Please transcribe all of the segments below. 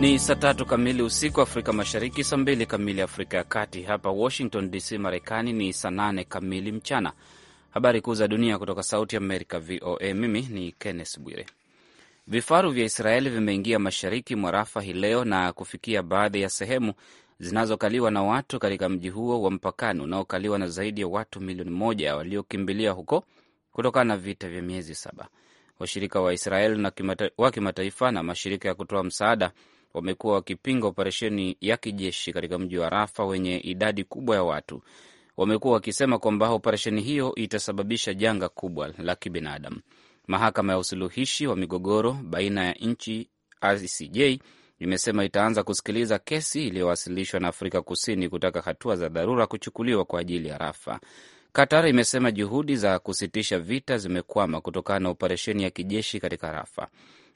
Ni saa tatu kamili usiku Afrika Mashariki, saa mbili kamili Afrika ya Kati. Hapa Washington DC, Marekani ni saa nane kamili mchana. Habari kuu za dunia kutoka Sauti Amerika, VOA. Mimi ni Kenneth Bwire. Vifaru vya Israeli vimeingia mashariki mwa Rafa hii leo na kufikia baadhi ya sehemu zinazokaliwa na watu katika mji huo wa mpakani unaokaliwa na zaidi ya watu milioni moja waliokimbilia huko kutokana na vita vya miezi saba. Washirika wa Israeli wa kimataifa na mashirika ya kutoa msaada wamekuwa wakipinga operesheni ya kijeshi katika mji wa Rafa wenye idadi kubwa ya watu. Wamekuwa wakisema kwamba operesheni hiyo itasababisha janga kubwa la kibinadamu. Mahakama ya usuluhishi wa migogoro baina ya nchi ICJ imesema itaanza kusikiliza kesi iliyowasilishwa na Afrika Kusini kutaka hatua za dharura kuchukuliwa kwa ajili ya Rafa. Qatar imesema juhudi za kusitisha vita zimekwama kutokana na operesheni ya kijeshi katika Rafa.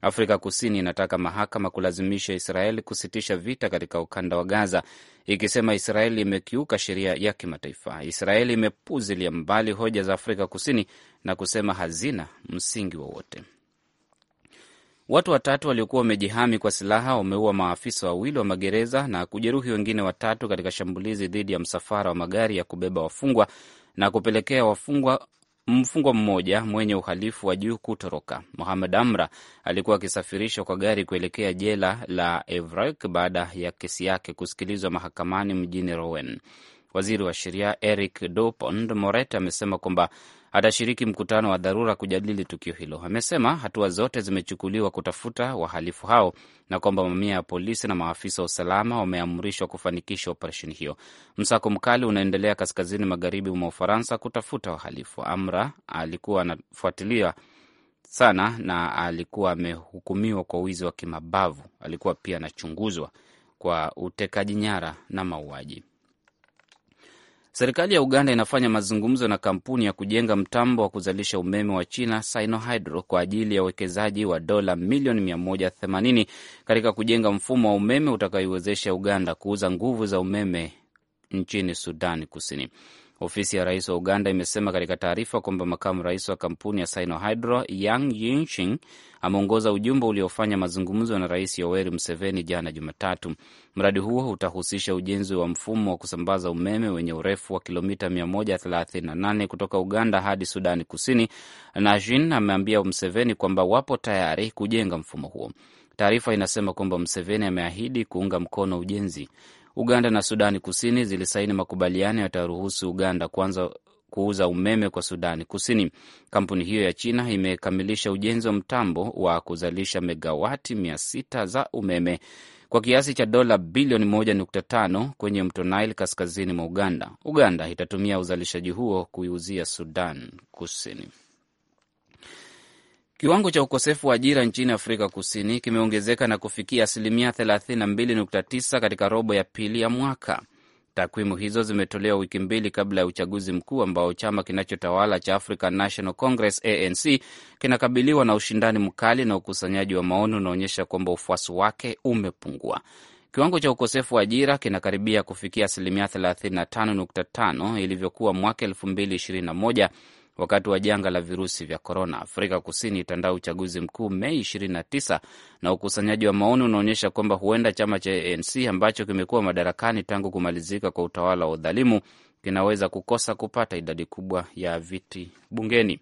Afrika Kusini inataka mahakama kulazimisha Israeli kusitisha vita katika ukanda wa Gaza, ikisema Israeli imekiuka sheria ya kimataifa. Israeli imepuzilia mbali hoja za Afrika Kusini na kusema hazina msingi wowote wa Watu watatu waliokuwa wamejihami kwa silaha wameua maafisa wawili wa magereza na kujeruhi wengine watatu katika shambulizi dhidi ya msafara wa magari ya kubeba wafungwa na kupelekea wafungwa mfungwa mmoja mwenye uhalifu wa juu kutoroka. Mohamed Amra alikuwa akisafirishwa kwa gari kuelekea jela la Evrak baada ya kesi yake kusikilizwa mahakamani mjini Rowen. Waziri wa sheria Eric Dupond Moret amesema kwamba atashiriki mkutano wa dharura kujadili tukio hilo. Amesema hatua zote zimechukuliwa kutafuta wahalifu hao na kwamba mamia ya polisi na maafisa wa usalama wameamrishwa kufanikisha operesheni hiyo. Msako mkali unaendelea kaskazini magharibi mwa Ufaransa kutafuta wahalifu. Amra alikuwa anafuatilia sana na alikuwa amehukumiwa kwa wizi wa kimabavu. Alikuwa pia anachunguzwa kwa utekaji nyara na mauaji. Serikali ya Uganda inafanya mazungumzo na kampuni ya kujenga mtambo wa kuzalisha umeme wa China Sinohydro kwa ajili ya uwekezaji wa dola milioni 180 katika kujenga mfumo wa umeme utakaoiwezesha Uganda kuuza nguvu za umeme nchini Sudani Kusini. Ofisi ya rais wa Uganda imesema katika taarifa kwamba makamu rais wa kampuni ya Sinohydro Yang Yinshin ameongoza ujumbe uliofanya mazungumzo na rais Yoweri Museveni jana Jumatatu. Mradi huo utahusisha ujenzi wa mfumo wa kusambaza umeme wenye urefu wa kilomita 138 kutoka Uganda hadi Sudani Kusini, na Jin ameambia Museveni kwamba wapo tayari kujenga mfumo huo. Taarifa inasema kwamba Museveni ameahidi kuunga mkono ujenzi. Uganda na Sudani Kusini zilisaini makubaliano yataruhusu Uganda kuanza kuuza umeme kwa Sudani Kusini. Kampuni hiyo ya China imekamilisha ujenzi wa mtambo wa kuzalisha megawati 600 za umeme kwa kiasi cha dola bilioni 1.5 kwenye mto Nile kaskazini mwa Uganda. Uganda itatumia uzalishaji huo kuiuzia Sudan Kusini. Kiwango cha ukosefu wa ajira nchini Afrika Kusini kimeongezeka na kufikia asilimia 32.9 katika robo ya pili ya mwaka. Takwimu hizo zimetolewa wiki mbili kabla ya uchaguzi mkuu ambao chama kinachotawala cha African National Congress ANC kinakabiliwa na ushindani mkali, na ukusanyaji wa maoni unaonyesha kwamba ufuasi wake umepungua. Kiwango cha ukosefu wa ajira kinakaribia kufikia asilimia 35.5 ilivyokuwa mwaka 2021 wakati wa janga la virusi vya korona. Afrika Kusini itandaa uchaguzi mkuu Mei 29 na ukusanyaji wa maoni unaonyesha kwamba huenda chama cha ANC ambacho kimekuwa madarakani tangu kumalizika kwa utawala wa udhalimu kinaweza kukosa kupata idadi kubwa ya viti bungeni.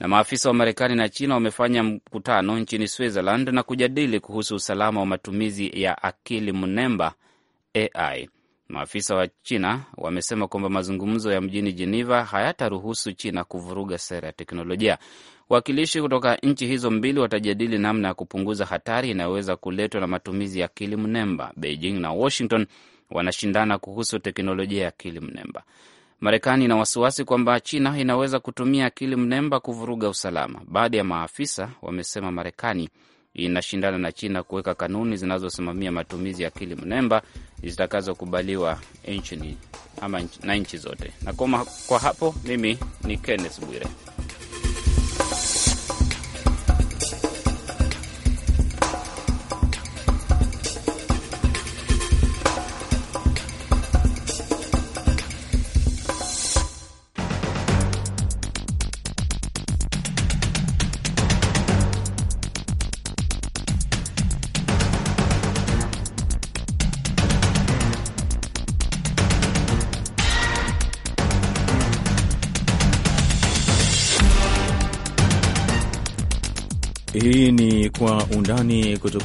Na maafisa wa Marekani na China wamefanya mkutano nchini Switzerland na kujadili kuhusu usalama wa matumizi ya akili mnemba AI Maafisa wa China wamesema kwamba mazungumzo ya mjini Jeneva hayataruhusu China kuvuruga sera ya teknolojia. Wakilishi kutoka nchi hizo mbili watajadili namna ya kupunguza hatari inayoweza kuletwa na matumizi ya akili mnemba. Beijing na Washington wanashindana kuhusu teknolojia ya akili mnemba. Marekani ina wasiwasi kwamba China inaweza kutumia akili mnemba kuvuruga usalama. Baadhi ya maafisa wamesema Marekani inashindana na China kuweka kanuni zinazosimamia matumizi ya akili mnemba zitakazokubaliwa nchini ama na nchi zote. Na kwa hapo, mimi ni Kenneth Bwire.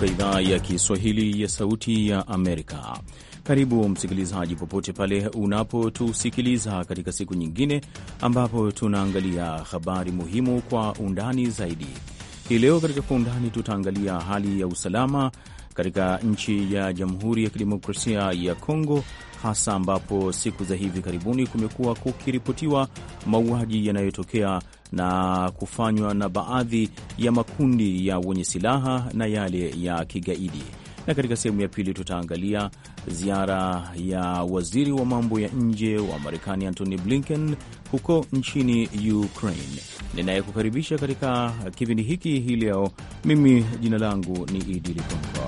kutoka idhaa ya Kiswahili ya Sauti ya Amerika. Karibu msikilizaji, popote pale unapotusikiliza katika siku nyingine ambapo tunaangalia habari muhimu kwa undani zaidi. Hii leo katika Kwa Undani tutaangalia hali ya usalama katika nchi ya Jamhuri ya Kidemokrasia ya Kongo, hasa ambapo siku za hivi karibuni kumekuwa kukiripotiwa mauaji yanayotokea na kufanywa na baadhi ya makundi ya wenye silaha na yale ya kigaidi. Na katika sehemu ya pili tutaangalia ziara ya waziri wa mambo ya nje wa Marekani Antony Blinken huko nchini Ukraine. Ninayekukaribisha katika kipindi hiki hii leo, mimi jina langu ni Idi Ligongo.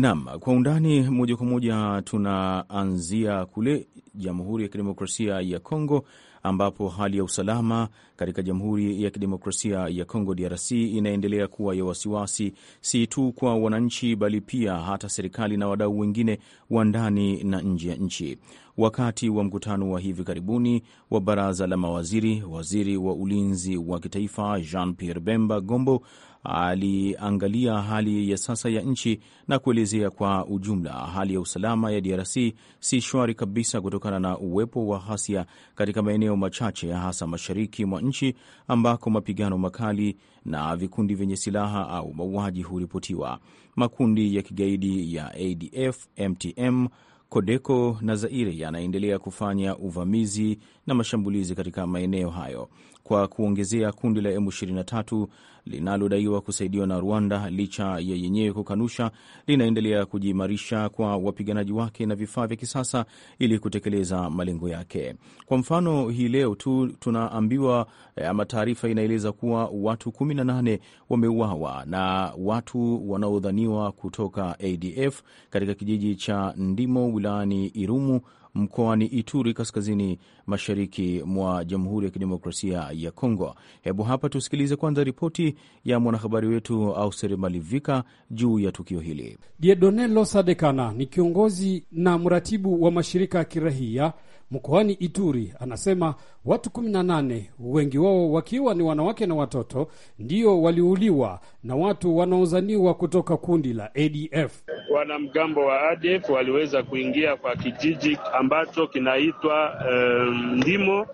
Naam, kwa undani moja kwa moja tunaanzia kule Jamhuri ya Kidemokrasia ya Kongo ambapo hali ya usalama katika Jamhuri ya Kidemokrasia ya Kongo DRC inaendelea kuwa ya wasiwasi, si tu kwa wananchi, bali pia hata serikali na wadau wengine wa ndani na nje ya nchi. Wakati wa mkutano wa hivi karibuni wa baraza la mawaziri, waziri wa ulinzi wa kitaifa Jean Pierre Bemba Gombo aliangalia hali ya sasa ya nchi na kuelezea kwa ujumla, hali ya usalama ya DRC si shwari kabisa kutokana na uwepo wa ghasia katika maeneo machache, hasa mashariki mwa nchi ambako mapigano makali na vikundi vyenye silaha au mauaji huripotiwa. Makundi ya kigaidi ya ADF, MTM Kodeko na Zaire yanaendelea kufanya uvamizi na mashambulizi katika maeneo hayo kwa kuongezea kundi la M23 linalodaiwa kusaidiwa na Rwanda licha ya yenyewe kukanusha, linaendelea kujiimarisha kwa wapiganaji wake na vifaa vya kisasa ili kutekeleza malengo yake. Kwa mfano, hii leo tu tunaambiwa eh, ama taarifa inaeleza kuwa watu 18 wameuawa na watu wanaodhaniwa kutoka ADF katika kijiji cha Ndimo wilayani Irumu mkoani Ituri, kaskazini mashariki mwa Jamhuri ya Kidemokrasia ya Kongo. Hebu hapa tusikilize kwanza ripoti ya mwanahabari wetu Auser Malivika juu ya tukio hili. Diedone Losadekana ni kiongozi na mratibu wa mashirika ya kirahia mkoani Ituri anasema watu kumi na nane, wengi wao wakiwa ni wanawake na watoto, ndio waliuliwa na watu wanaozaniwa kutoka kundi la ADF. Wanamgambo wa ADF waliweza kuingia kwa kijiji ambacho kinaitwa um, Ndimo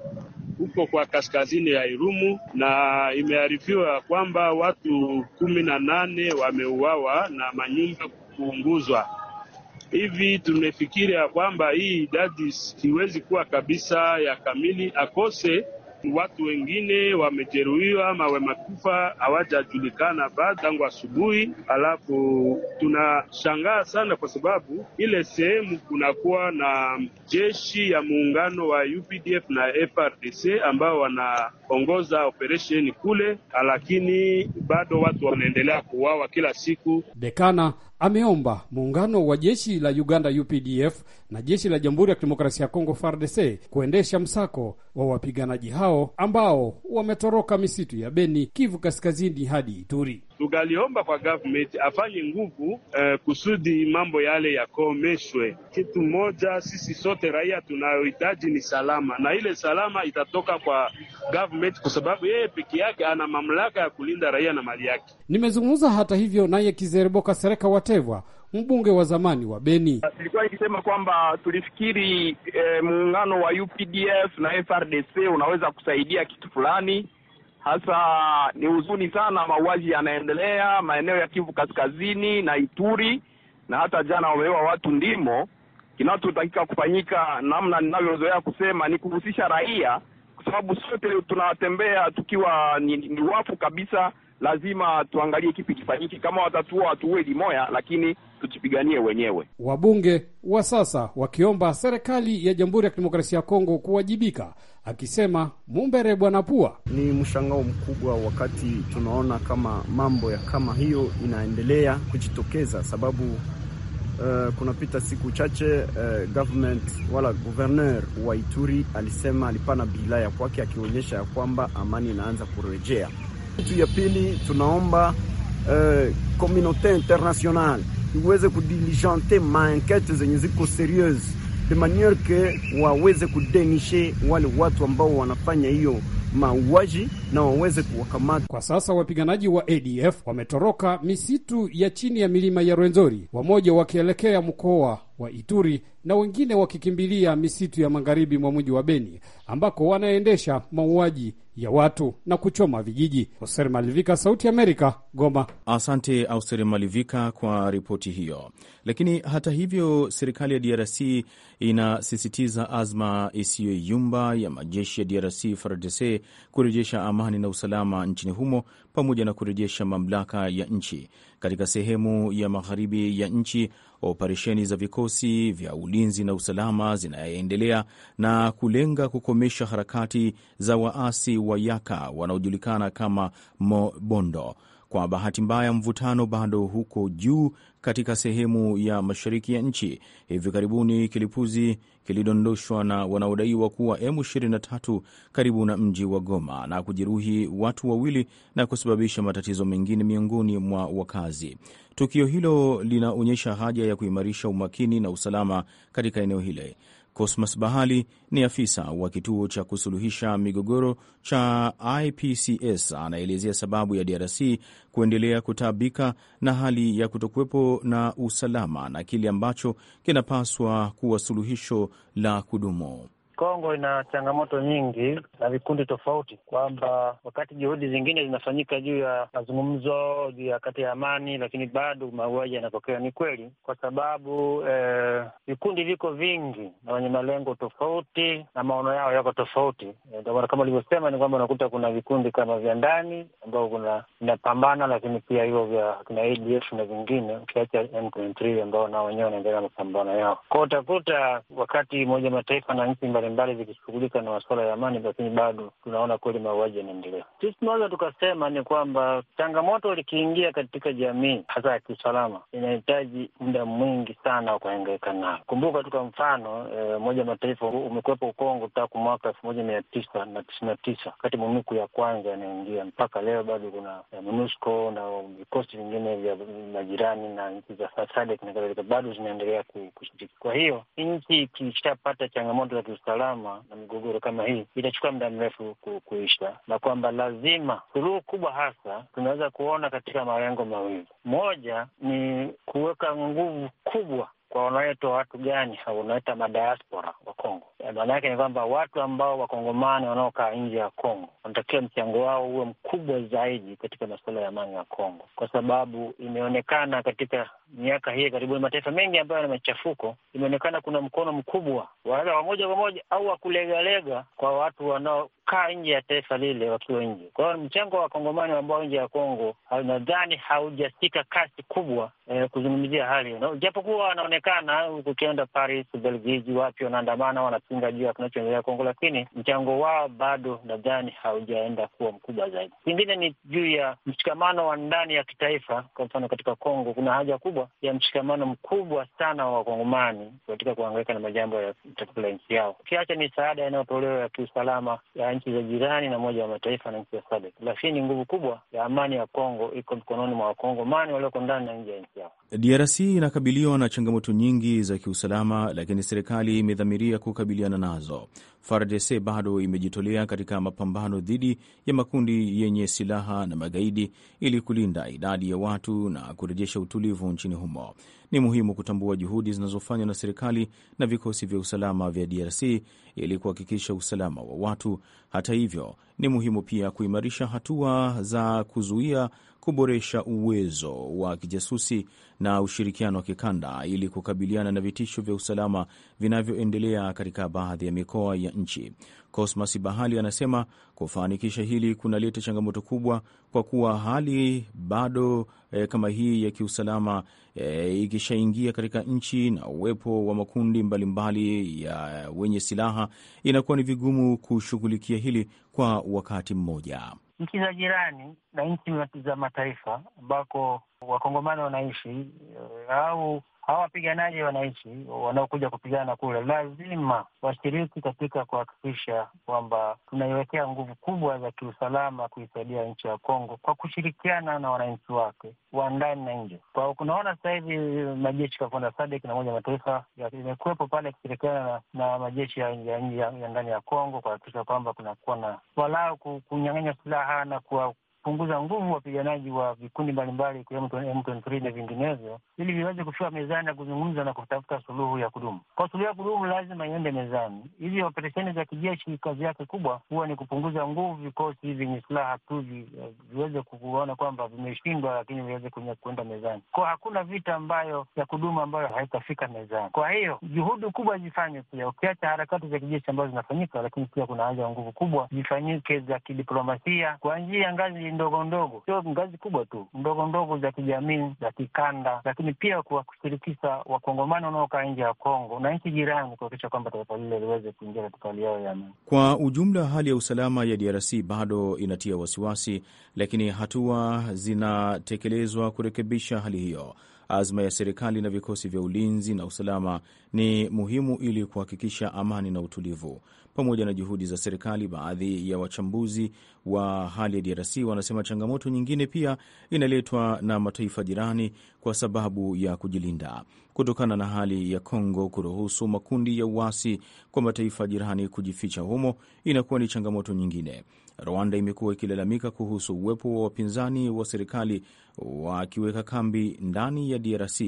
huko kwa kaskazini ya Irumu na imearifiwa kwamba watu kumi na nane wameuawa na manyumba kuunguzwa hivi tumefikiria kwamba hii idadi siwezi kuwa kabisa ya kamili akose watu wengine wamejeruhiwa ama wamekufa hawajajulikana bado tangu asubuhi. Alafu tunashangaa sana kwa sababu ile sehemu kunakuwa na jeshi ya muungano wa UPDF na FRDC ambao wanaongoza operesheni kule, lakini bado watu wanaendelea kuuawa kila siku. Dekana ameomba muungano wa jeshi la Uganda UPDF na jeshi la Jamhuri ya Kidemokrasia ya Kongo FARDC kuendesha msako wa wapiganaji hao ambao wametoroka misitu ya Beni, Kivu Kaskazini hadi Ituri. Tungaliomba kwa government afanye nguvu eh, kusudi mambo yale yakomeshwe. Kitu moja sisi sote raia tunayohitaji ni salama, na ile salama itatoka kwa government, kwa sababu yeye peke yake ana mamlaka ya kulinda raia na mali yake. Nimezungumza hata hivyo naye Kizerebo Kasereka Watevwa mbunge wa zamani wa Beni Tulikuwa ikisema kwamba tulifikiri eh, muungano wa UPDF na FRDC unaweza kusaidia kitu fulani, Hasa ni huzuni sana, mauaji yanaendelea maeneo ya Kivu Kaskazini na Ituri, na hata jana wameua watu ndimo. Kinachotakika kufanyika, namna ninavyozoea kusema, ni kuhusisha raia, kwa sababu sote tunatembea tukiwa ni, ni wafu kabisa lazima tuangalie kipi kifanyike, kama watatua watuwe limoya, lakini tujipiganie wenyewe. Wabunge wa sasa wakiomba serikali ya Jamhuri ya Kidemokrasia ya Kongo kuwajibika, akisema Mumbere Bwana Pua. Ni mshangao mkubwa wakati tunaona kama mambo ya kama hiyo inaendelea kujitokeza, sababu uh, kunapita siku chache uh, government wala governor wa Ituri alisema alipana bilaya kwake, akionyesha ya kwamba amani inaanza kurejea kitu ya pili tunaomba eh, uh, international iweze kudiligente maenkete zenye ziko serieuse de maniere ke waweze kudenishe wale watu ambao wanafanya hiyo mauaji na waweze kuwakamata. Kwa sasa wapiganaji wa ADF wametoroka misitu ya chini ya milima ya Rwenzori, wamoja wakielekea mkoa wa Ituri na wengine wakikimbilia misitu ya magharibi mwa mji wa Beni ambako wanaendesha mauaji ya watu na kuchoma vijiji. Oser Malivika, Sauti Amerika, Goma. Asante Auster Malivika kwa ripoti hiyo. Lakini hata hivyo, serikali ya DRC inasisitiza azma isiyoyumba ya majeshi ya DRC FARDC kurejesha amani na usalama nchini humo pamoja na kurejesha mamlaka ya nchi katika sehemu ya magharibi ya nchi. Operesheni za vikosi vya ulinzi na usalama zinaendelea na kulenga kukomesha harakati za waasi wa Yaka wanaojulikana kama Mobondo. Kwa bahati mbaya, mvutano bado huko juu katika sehemu ya mashariki ya nchi. Hivi karibuni kilipuzi kilidondoshwa na wanaodaiwa kuwa M23 karibu na mji wa Goma na kujeruhi watu wawili na kusababisha matatizo mengine miongoni mwa wakazi. Tukio hilo linaonyesha haja ya kuimarisha umakini na usalama katika eneo hili. Cosmas Bahali ni afisa wa kituo cha kusuluhisha migogoro cha IPCS, anaelezea sababu ya DRC kuendelea kutaabika na hali ya kutokuwepo na usalama na kile ambacho kinapaswa kuwa suluhisho la kudumu. Kongo ina changamoto nyingi na vikundi tofauti, kwamba wakati juhudi zingine zinafanyika juu ya mazungumzo juu ya kati ya amani, lakini bado mauaji yanatokea. Ni kweli kwa sababu eh, vikundi viko vingi na wenye malengo tofauti na maono yao yako tofauti. Eh, kama ulivyosema ni kwamba unakuta kuna vikundi kama vya ndani ambao kuna vinapambana, lakini pia hivyo vya kina ADF na vingine, ukiacha M23 ambao nao wenyewe wanaendelea mapambano yao kwao, utakuta wakati Umoja Mataifa na nchi mbali mbalimbali zikishughulika na masuala ya amani, lakini bado tunaona kweli mauaji yanaendelea. Sisi tunaweza tukasema ni kwamba changamoto likiingia katika jamii, hasa ya kiusalama, inahitaji muda mwingi sana wa kuangaika nayo. Kumbuka tu kwa mfano eh, Umoja eh, Mataifa umekuwepo ukongo tangu mwaka elfu moja mia tisa na tisini na tisa wakati mumiku ya kwanza yanaingia mpaka leo bado kuna eh, MONUSCO na vikosi vingine vya majirani na nchi za SADC na kadhalika bado zinaendelea kushiriki. Kwa hiyo nchi ikishapata changamoto za kiusalama usalama na migogoro kama hii itachukua muda mrefu kuisha, na kwamba lazima suluhu kubwa hasa tunaweza kuona katika malengo mawili. Moja ni kuweka nguvu kubwa kwa wanaoitwa watu gani au wanaoita madiaspora wa Kongo. Eh, maana yake ni kwamba watu ambao wakongomani wanaokaa nje ya Kongo wanatakiwa mchango wao uwe mkubwa zaidi katika masuala ya amani ya Kongo, kwa sababu imeonekana katika miaka hii karibuni, mataifa mengi ambayo yana machafuko, imeonekana kuna mkono mkubwa waaa wa moja kwa moja au wakulegalega kwa watu wanaokaa nje ya taifa lile wakiwa nje. Kwa hiyo mchango wa wakongomani ambao nje ya Kongo nadhani haujafika kasi kubwa eh, kuzungumzia hali no, japokuwa wanaonekana ukienda Paris, Ubelgiji, wapi wanaandamana, wanapinga juu ya kinachoendelea Kongo, lakini mchango wao bado nadhani haujaenda kuwa mkubwa zaidi. Kingine ni juu ya mshikamano wa ndani ya kitaifa. Kwa mfano katika Kongo kuna haja kubwa kubwa ya mshikamano mkubwa sana wa wakongomani katika kuangaika na majambo ya chakula nchi yao, ukiacha misaada inayotolewa ya kiusalama ya nchi za jirani na Umoja wa Mataifa na nchi za SADC, lakini nguvu kubwa ya amani ya Kongo iko mkononi mwa wakongomani walioko ndani na nje ya nchi yao. DRC inakabiliwa na changamoto nyingi za kiusalama, lakini serikali imedhamiria kukabiliana nazo. FARDC bado imejitolea katika mapambano dhidi ya makundi yenye silaha na magaidi ili kulinda idadi ya watu na kurejesha utulivu nchini humo. Ni muhimu kutambua juhudi zinazofanywa na serikali na vikosi vya usalama vya DRC ili kuhakikisha usalama wa watu. Hata hivyo, ni muhimu pia kuimarisha hatua za kuzuia kuboresha uwezo wa kijasusi na ushirikiano wa kikanda ili kukabiliana na vitisho vya usalama vinavyoendelea katika baadhi ya mikoa ya nchi. Cosmas Bahali anasema kufanikisha hili kunaleta changamoto kubwa, kwa kuwa hali bado eh, kama hii ya kiusalama eh, ikishaingia katika nchi na uwepo wa makundi mbalimbali mbali ya wenye silaha, inakuwa ni vigumu kushughulikia hili kwa wakati mmoja nchi za jirani na nchi za mataifa ambako wakongomani wanaishi eh, au hawa wapiganaji wananchi wanaokuja kupigana kule lazima washiriki katika kuhakikisha kwamba tunaiwekea nguvu kubwa za kiusalama kuisaidia nchi ya Kongo kwa kushirikiana na wananchi wake wa ndani na nje. Kwa kunaona sasa hivi majeshi kafunda sadek na Umoja Mataifa imekuwepo pale kushirikiana na majeshi ya ndani ya, ya, ya, ya Kongo kuhakikisha kwamba kunakuwa na walau kunyang'anya silaha na kuwa kupunguza nguvu wapiganaji wa vikundi mbalimbali ikiwemo M23 na vinginevyo, ili viweze kufika mezani na kuzungumza na kutafuta suluhu ya kudumu. Kwa suluhu ya kudumu lazima iende mezani. Hizi operesheni za kijeshi kazi yake kubwa huwa ni kupunguza nguvu vikosi vyenye silaha tu viweze kuona kwamba vimeshindwa, lakini viweze kuenda mezani. Kwa hakuna vita ambayo ya kudumu ambayo haitafika mezani. Kwa hiyo juhudi kubwa zifanywe pia, ukiacha harakati za kijeshi ambazo zinafanyika, lakini pia kuna haja ya nguvu kubwa zifanyike za kidiplomasia kuanzia ngazi ndogo ndogo, sio ngazi kubwa tu, ndogo ndogo za kijamii, za kikanda, lakini pia kwa kushirikisha wakongomani wanaokaa nje ya Kongo na nchi jirani kuhakikisha kwamba taifa lile liweze kuingia katika hali yao ya amani. Kwa ujumla, hali ya usalama ya DRC bado inatia wasiwasi, lakini hatua zinatekelezwa kurekebisha hali hiyo. Azma ya serikali na vikosi vya ulinzi na usalama ni muhimu ili kuhakikisha amani na utulivu pamoja na juhudi za serikali. Baadhi ya wachambuzi wa hali ya DRC wanasema changamoto nyingine pia inaletwa na mataifa jirani kwa sababu ya kujilinda kutokana na hali ya Kongo kuruhusu makundi ya uasi kwa mataifa jirani kujificha humo inakuwa ni changamoto nyingine. Rwanda imekuwa ikilalamika kuhusu uwepo wa wapinzani wa serikali wakiweka kambi ndani ya DRC.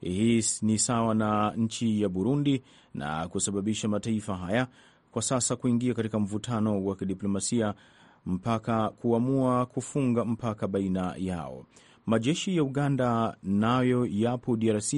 Hii ni sawa na nchi ya Burundi na kusababisha mataifa haya kwa sasa kuingia katika mvutano wa kidiplomasia mpaka kuamua kufunga mpaka baina yao. Majeshi ya Uganda nayo yapo DRC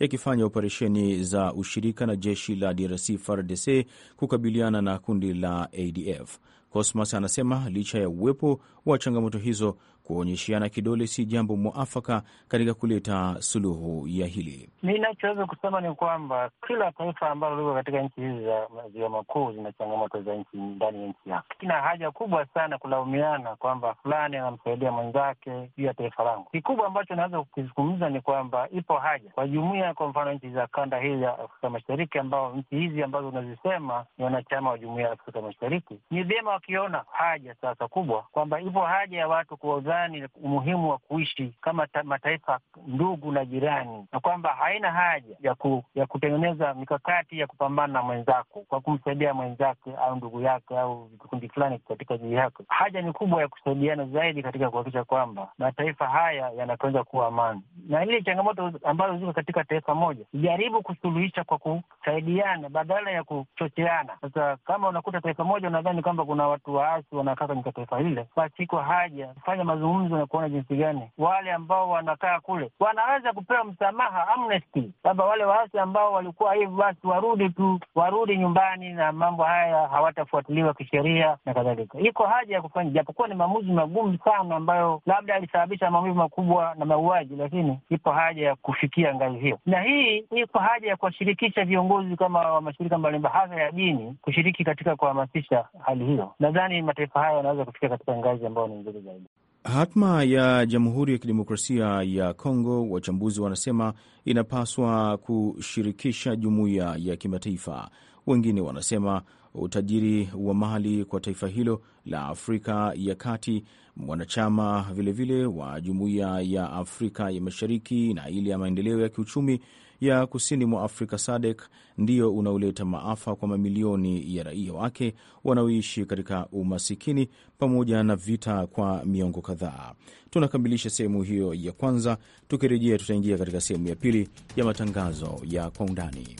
yakifanya operesheni za ushirika na jeshi la DRC FARDC kukabiliana na kundi la ADF. Cosmas anasema licha ya uwepo wa changamoto hizo, Kuonyeshiana kidole si jambo mwafaka katika kuleta suluhu ya hili. Ninachoweza kusema ni kwamba kila taifa ambalo liko katika nchi hizi za maziwa makuu zina changamoto za nchi ndani ya nchi yake. Kina haja kubwa sana kulaumiana kwamba fulani anamsaidia mwenzake juu ya taifa langu. Kikubwa ambacho naweza kukizungumza ni kwamba ipo haja kwa jumuia, kwa mfano nchi za kanda hii ya Afrika Mashariki, ambao nchi hizi ambazo unazisema ni wanachama wa jumuia ya Afrika Mashariki, ni vyema wakiona haja sasa kubwa kwamba ipo haja ya watu kuwa gani umuhimu wa kuishi kama ta, mataifa ndugu na jirani, na kwamba haina haja ya, ku, ya kutengeneza mikakati ya kupambana na mwenzako kwa kumsaidia mwenzake au ndugu yake au vikundi fulani katika jiji yake. Haja ni kubwa ya kusaidiana zaidi katika kuhakikisha kwamba mataifa haya yanaweza kuwa amani, na ile changamoto ambazo ziko katika taifa moja jaribu kusuluhisha kwa kusaidiana badala ya kuchocheana. Sasa kama unakuta taifa moja unadhani kwamba kuna watu waasi wanakaa katika taifa hile, basi iko haja kufanya mazungumzo ya kuona jinsi gani wale ambao wanakaa kule wanaweza kupewa msamaha, amnesty, kwamba wale waasi ambao walikuwa hivi, basi warudi tu, warudi nyumbani, na mambo haya hawatafuatiliwa kisheria na kadhalika. Iko haja ya kufanya, japokuwa ni maamuzi magumu sana, ambayo labda alisababisha maumivu makubwa na mauaji, lakini ipo haja ya kufikia ngazi hiyo, na hii iko haja ya kuwashirikisha viongozi kama wa mashirika mbalimbali, hasa ya dini, kushiriki katika kuhamasisha hali hiyo. Nadhani mataifa haya yanaweza kufikia katika ngazi ambayo ni nzuri zaidi. Hatma ya Jamhuri ya Kidemokrasia ya Kongo, wachambuzi wanasema inapaswa kushirikisha jumuiya ya kimataifa. Wengine wanasema utajiri wa mali kwa taifa hilo la Afrika ya Kati, mwanachama vilevile wa Jumuiya ya Afrika ya Mashariki na ile ya maendeleo ya kiuchumi ya kusini mwa Afrika SADC ndio unaoleta maafa kwa mamilioni ya raia wake wanaoishi katika umasikini pamoja na vita kwa miongo kadhaa. Tunakamilisha sehemu hiyo ya kwanza. Tukirejea, tutaingia katika sehemu ya pili ya matangazo ya kwa undani.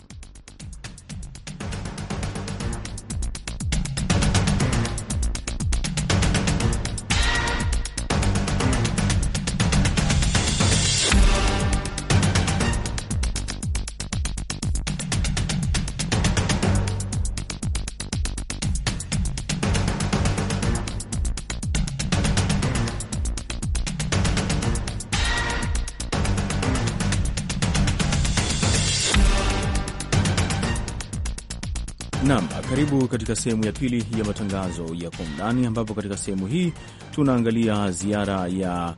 Nam, karibu katika sehemu ya pili ya matangazo ya kwa undani, ambapo katika sehemu hii tunaangalia ziara ya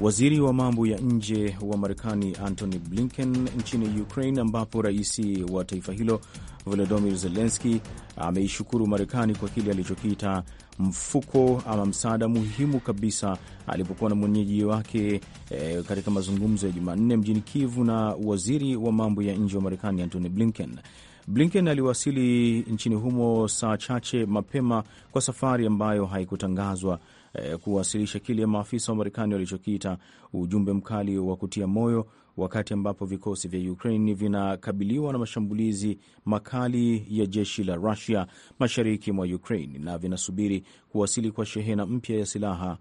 waziri wa mambo ya nje wa Marekani Antony Blinken nchini Ukraine, ambapo rais wa taifa hilo Volodymyr zelenski ameishukuru Marekani kwa kile alichokiita mfuko ama msaada muhimu kabisa alipokuwa na mwenyeji wake e, katika mazungumzo ya Jumanne mjini Kivu na waziri wa mambo ya nje wa Marekani Antony Blinken. Blinken aliwasili nchini humo saa chache mapema kwa safari ambayo haikutangazwa eh, kuwasilisha kile maafisa wa Marekani walichokiita ujumbe mkali wa kutia moyo, wakati ambapo vikosi vya Ukraine vinakabiliwa na mashambulizi makali ya jeshi la Rusia mashariki mwa Ukraine na vinasubiri kuwasili kwa shehena mpya ya silaha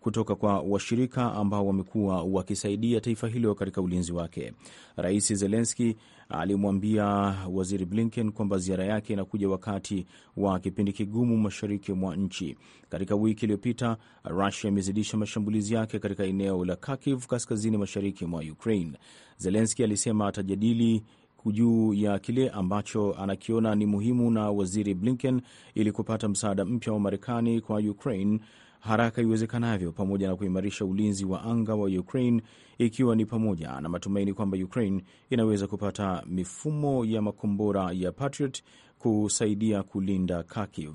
kutoka kwa washirika ambao wamekuwa wakisaidia taifa hilo katika ulinzi wake. Rais Zelenski alimwambia Waziri Blinken kwamba ziara yake inakuja wakati wa kipindi kigumu mashariki mwa nchi. Katika wiki iliyopita, Rusia imezidisha mashambulizi yake katika eneo la Kharkiv kaskazini mashariki mwa Ukraine. Zelenski alisema atajadili juu ya kile ambacho anakiona ni muhimu na Waziri Blinken ili kupata msaada mpya wa Marekani kwa Ukraine haraka iwezekanavyo, pamoja na kuimarisha ulinzi wa anga wa Ukraine, ikiwa ni pamoja na matumaini kwamba Ukraine inaweza kupata mifumo ya makombora ya Patriot kusaidia kulinda Kharkiv.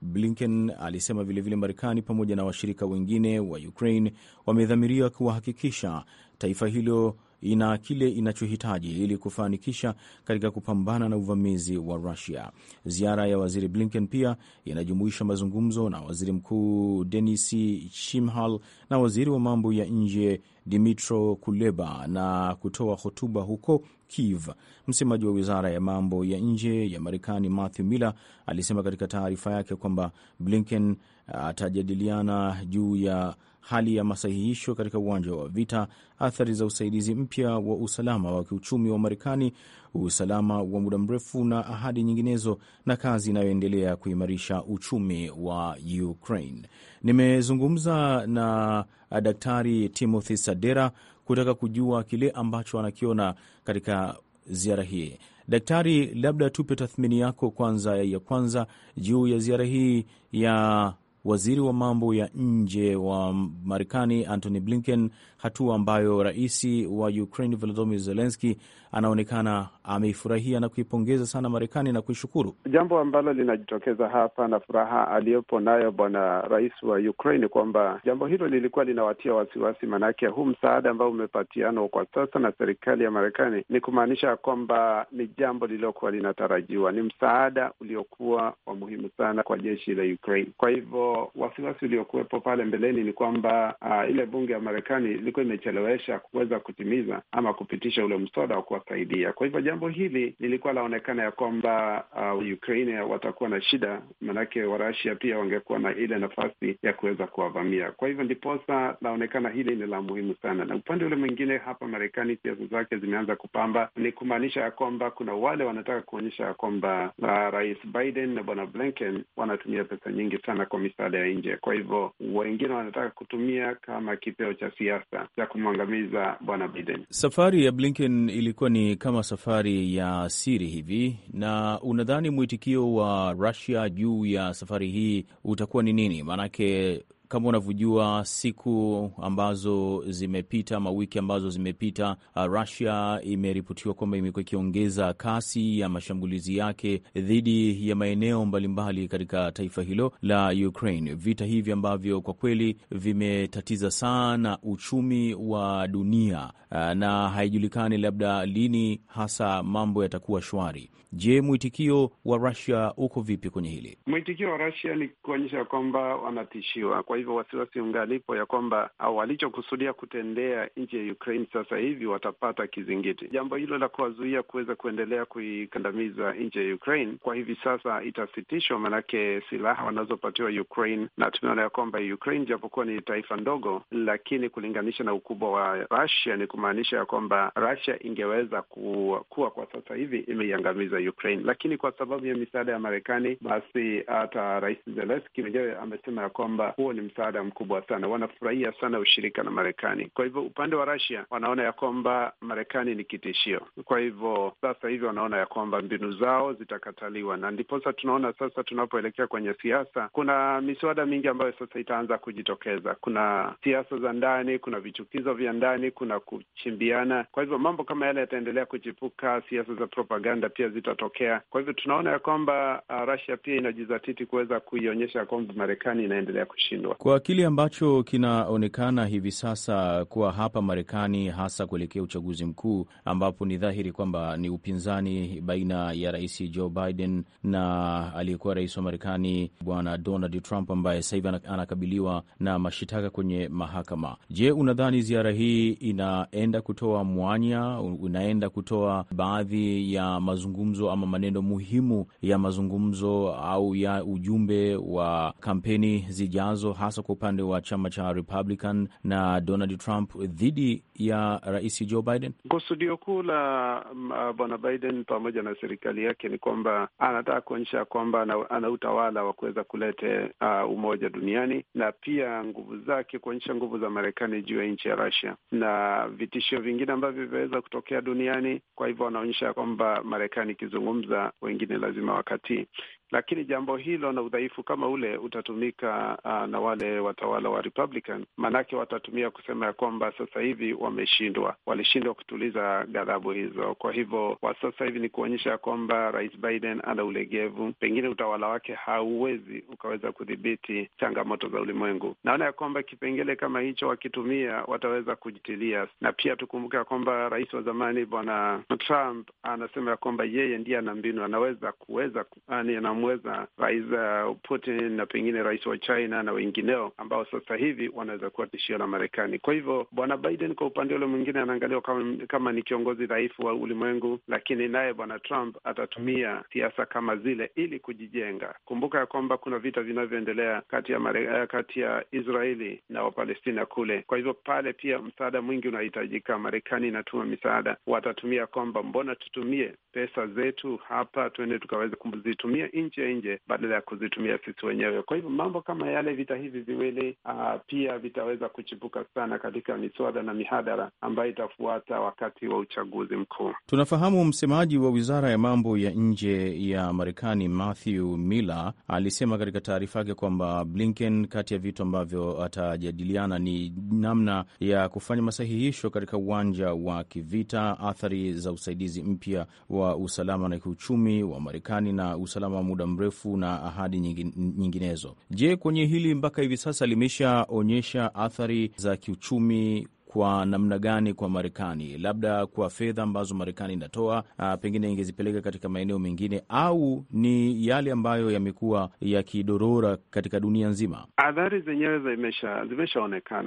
Blinken alisema vilevile Marekani pamoja na washirika wengine wa Ukraine wamedhamiria kuwahakikisha taifa hilo ina kile inachohitaji ili kufanikisha katika kupambana na uvamizi wa Rusia. Ziara ya waziri Blinken pia inajumuisha mazungumzo na waziri mkuu Denis Shimhal na waziri wa mambo ya nje Dimitro Kuleba na kutoa hotuba huko Kiev. Msemaji wa wizara ya mambo ya nje ya Marekani Matthew Miller alisema katika taarifa yake kwamba Blinken atajadiliana juu ya hali ya masahihisho katika uwanja wa vita, athari za usaidizi mpya wa usalama wa kiuchumi wa Marekani, usalama wa muda mrefu na ahadi nyinginezo, na kazi inayoendelea kuimarisha uchumi wa Ukraine. Nimezungumza na Daktari Timothy Sadera kutaka kujua kile ambacho anakiona katika ziara hii. Daktari, labda tupe tathmini yako kwanza ya kwanza juu ya ziara hii ya waziri wa mambo ya nje wa Marekani Antony Blinken hatua ambayo rais wa Ukraine Volodymyr Zelensky anaonekana ameifurahia na kuipongeza sana Marekani na kuishukuru, jambo ambalo linajitokeza hapa na furaha aliyopo nayo bwana rais wa Ukraine kwamba jambo hilo lilikuwa linawatia wasiwasi, maanake huu msaada ambao umepatianwa kwa sasa na serikali ya Marekani ni kumaanisha kwamba ni jambo lililokuwa linatarajiwa, ni msaada uliokuwa wa muhimu sana kwa jeshi la Ukraine. Kwa hivyo wasiwasi uliokuwepo pale mbeleni ni kwamba uh, ile bunge ya Marekani ilikuwa imechelewesha kuweza kutimiza ama kupitisha ule mswada wa kuwasaidia. Kwa hivyo jambo hili lilikuwa laonekana ya kwamba uh, Ukraine watakuwa na shida, manake Warasia pia wangekuwa na ile nafasi ya kuweza kuwavamia. Kwa hivyo ndiposa laonekana hili ni la muhimu sana, na upande ule mwingine hapa Marekani siasa zake zimeanza kupamba, ni kumaanisha ya kwamba kuna wale wanataka kuonyesha ya kwamba uh, Rais Biden na Bwana Blinken wanatumia pesa nyingi sana kwa misaada ya nje. Kwa hivyo wengine wanataka kutumia kama kipeo cha siasa sasa za kumwangamiza bwana Biden. Safari ya Blinken ilikuwa ni kama safari ya siri hivi, na unadhani mwitikio wa Russia juu ya safari hii utakuwa ni nini? Maanake kama unavyojua siku ambazo zimepita ama wiki ambazo zimepita, uh, Russia imeripotiwa kwamba imekuwa ikiongeza kasi ya mashambulizi yake dhidi ya maeneo mbalimbali katika taifa hilo la Ukraine, vita hivi ambavyo kwa kweli vimetatiza sana uchumi wa dunia uh, na haijulikani labda lini hasa mambo yatakuwa shwari. Je, mwitikio wa Russia uko vipi kwenye hili? Mwitikio wa Russia ni kuonyesha kwamba wanatishiwa kwa hivyo wasiwasi ungalipo ya kwamba walichokusudia kutendea nchi ya Ukraine sasa hivi watapata kizingiti. Jambo hilo la kuwazuia kuweza kuendelea kuikandamiza nchi ya Ukraine kwa hivi sasa itasitishwa, maanake silaha wanazopatiwa Ukraine, na tumeona ya kwamba Ukraine japokuwa ni taifa ndogo, lakini kulinganisha na ukubwa wa Russia ni kumaanisha ya kwamba Russia ingeweza kuwa, kuwa kwa sasa hivi imeiangamiza Ukraine, lakini kwa sababu ya misaada ya Marekani basi hata Rais zelenski mwenyewe amesema ya kwamba huo ni msaada mkubwa sana, wanafurahia sana ushirika na Marekani. Kwa hivyo upande wa Rasia wanaona ya kwamba Marekani ni kitishio, kwa hivyo sasa hivi wanaona ya kwamba mbinu zao zitakataliwa, na ndiposa tunaona sasa tunapoelekea kwenye siasa kuna miswada mingi ambayo sasa itaanza kujitokeza. Kuna siasa za ndani, kuna vichukizo vya ndani, kuna kuchimbiana. Kwa hivyo mambo kama yale yataendelea kuchipuka, siasa za propaganda pia zitatokea. Kwa hivyo tunaona ya kwamba uh, Rasia pia inajizatiti kuweza kuionyesha ya kwamba Marekani inaendelea kushindwa kwa kile ambacho kinaonekana hivi sasa kuwa hapa Marekani, hasa kuelekea uchaguzi mkuu, ambapo ni dhahiri kwamba ni upinzani baina ya Rais Joe Biden na aliyekuwa rais wa Marekani Bwana Donald Trump, ambaye sasa hivi anakabiliwa na mashitaka kwenye mahakama. Je, unadhani ziara hii inaenda kutoa mwanya, inaenda kutoa baadhi ya mazungumzo ama maneno muhimu ya mazungumzo au ya ujumbe wa kampeni zijazo? hasa kwa upande wa chama cha Republican na Donald Trump dhidi ya Rais Joe Biden? Kusudio kuu la uh, Bwana Biden pamoja na serikali yake ni kwamba anataka kuonyesha kwamba ana utawala wa kuweza kuleta uh, umoja duniani na pia nguvu zake kuonyesha nguvu za Marekani juu ya nchi ya Russia na vitisho vingine ambavyo vinaweza kutokea duniani. Kwa hivyo wanaonyesha kwamba Marekani ikizungumza, wengine lazima wakatii lakini jambo hilo na udhaifu kama ule utatumika uh, na wale watawala wa Republican, maanake watatumia kusema ya kwamba sasa hivi wameshindwa, walishindwa kutuliza ghadhabu hizo. Kwa hivyo kwa sasa hivi ni kuonyesha kwamba Rais Biden ana ulegevu, pengine utawala wake hauwezi ukaweza kudhibiti changamoto za ulimwengu. Naona ya kwamba kipengele kama hicho wakitumia wataweza kujitilia, na pia tukumbuke ya kwamba rais wa zamani Bwana Trump anasema ya kwamba yeye ndiye ana mbinu anaweza kuweza ah, wanamweza rais uh, Putin na pengine rais wa China na wengineo ambao sasa hivi wanaweza kuwa tishio la Marekani. Kwa hivyo bwana Biden kwa upande ule mwingine anaangaliwa kama, kama ni kiongozi dhaifu wa ulimwengu, lakini naye bwana Trump atatumia siasa kama zile ili kujijenga. Kumbuka ya kwamba kuna vita vinavyoendelea kati ya mare, eh, kati ya Israeli na Wapalestina kule. Kwa hivyo pale pia msaada mwingi unahitajika. Marekani inatuma misaada, watatumia kwamba mbona tutumie pesa zetu hapa, tuende tukaweza kuzitumia nchi ya nje badala ya kuzitumia sisi wenyewe. Kwa hivyo mambo kama yale, vita hivi viwili uh, pia vitaweza kuchipuka sana katika miswada na mihadhara ambayo itafuata wakati wa uchaguzi mkuu. Tunafahamu msemaji wa wizara ya mambo ya nje ya Marekani Matthew Miller alisema katika taarifa yake kwamba Blinken, kati ya vitu ambavyo atajadiliana ni namna ya kufanya masahihisho katika uwanja wa kivita, athari za usaidizi mpya wa usalama na kiuchumi wa Marekani na usalama wa muda mrefu na ahadi nyinginezo. Je, kwenye hili mpaka hivi sasa limeshaonyesha athari za kiuchumi kwa namna gani kwa Marekani, labda kwa fedha ambazo Marekani inatoa ah, pengine ingezipeleka katika maeneo mengine, au ni yale ambayo yamekuwa yakidorora katika dunia nzima? Athari zenyewe zimeshaonekana,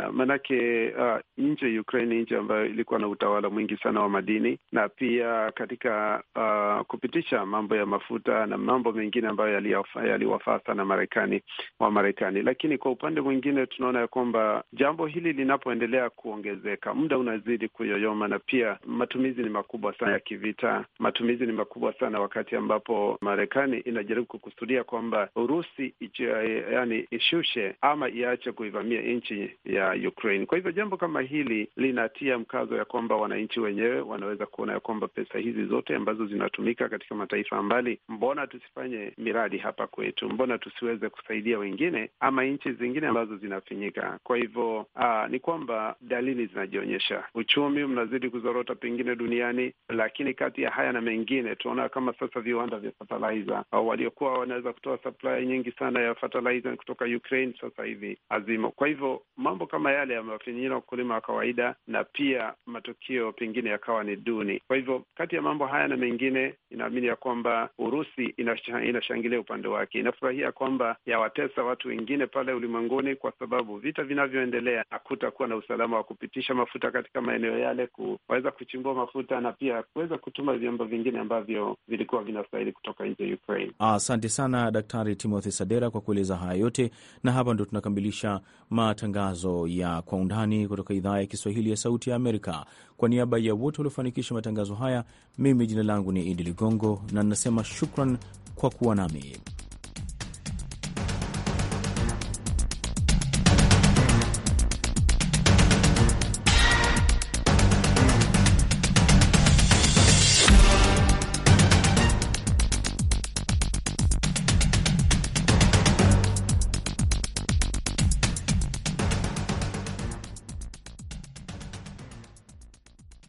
zimesha maanake uh, nje ya Ukraine, nchi ambayo ilikuwa na utawala mwingi sana wa madini na pia katika uh, kupitisha mambo ya mafuta na mambo mengine ambayo yaliwafaa sana Marekani wa Marekani, lakini kwa upande mwingine tunaona ya kwamba jambo hili linapoendelea kuongeza kuongezeka, muda unazidi kuyoyoma, na pia matumizi ni makubwa sana ya kivita. Matumizi ni makubwa sana wakati ambapo Marekani inajaribu kukusudia kwamba Urusi yani ishushe ama iache kuivamia nchi ya Ukraine. Kwa hivyo jambo kama hili linatia mkazo ya kwamba wananchi wenyewe wanaweza kuona ya kwamba pesa hizi zote ambazo zinatumika katika mataifa mbali, mbona tusifanye miradi hapa kwetu? Mbona tusiweze kusaidia wengine ama nchi zingine ambazo zinafinyika? Kwa hivyo aa, ah, ni kwamba dalili zinajionyesha. Uchumi mnazidi kuzorota pengine duniani, lakini kati ya haya na mengine tunaona kama sasa viwanda vya au waliokuwa wanaweza kutoa supply nyingi sana ya fataliza kutoka Ukraine sasa hivi azimo. Kwa hivyo mambo kama yale yamewafinyina wakulima wa kawaida, na pia matukio pengine yakawa ni duni. Kwa hivyo kati ya mambo haya na mengine, inaamini ya kwamba Urusi inashangilia upande wake, inafurahia kwamba yawatesa watu wengine pale ulimwenguni, kwa sababu vita vinavyoendelea hakutakuwa na usalama wa kupita kupitisha mafuta katika maeneo yale, kuweza kuchimbua mafuta na pia kuweza kutuma vyombo vingine ambavyo vilikuwa vinastahili kutoka nje ya Ukraine. Asante sana Daktari Timothy Sadera kwa kueleza haya yote, na hapa ndo tunakamilisha matangazo ya Kwa Undani kutoka idhaa ya Kiswahili ya Sauti ya Amerika. Kwa niaba ya wote waliofanikisha matangazo haya, mimi jina langu ni Idi Ligongo na ninasema shukran kwa kuwa nami.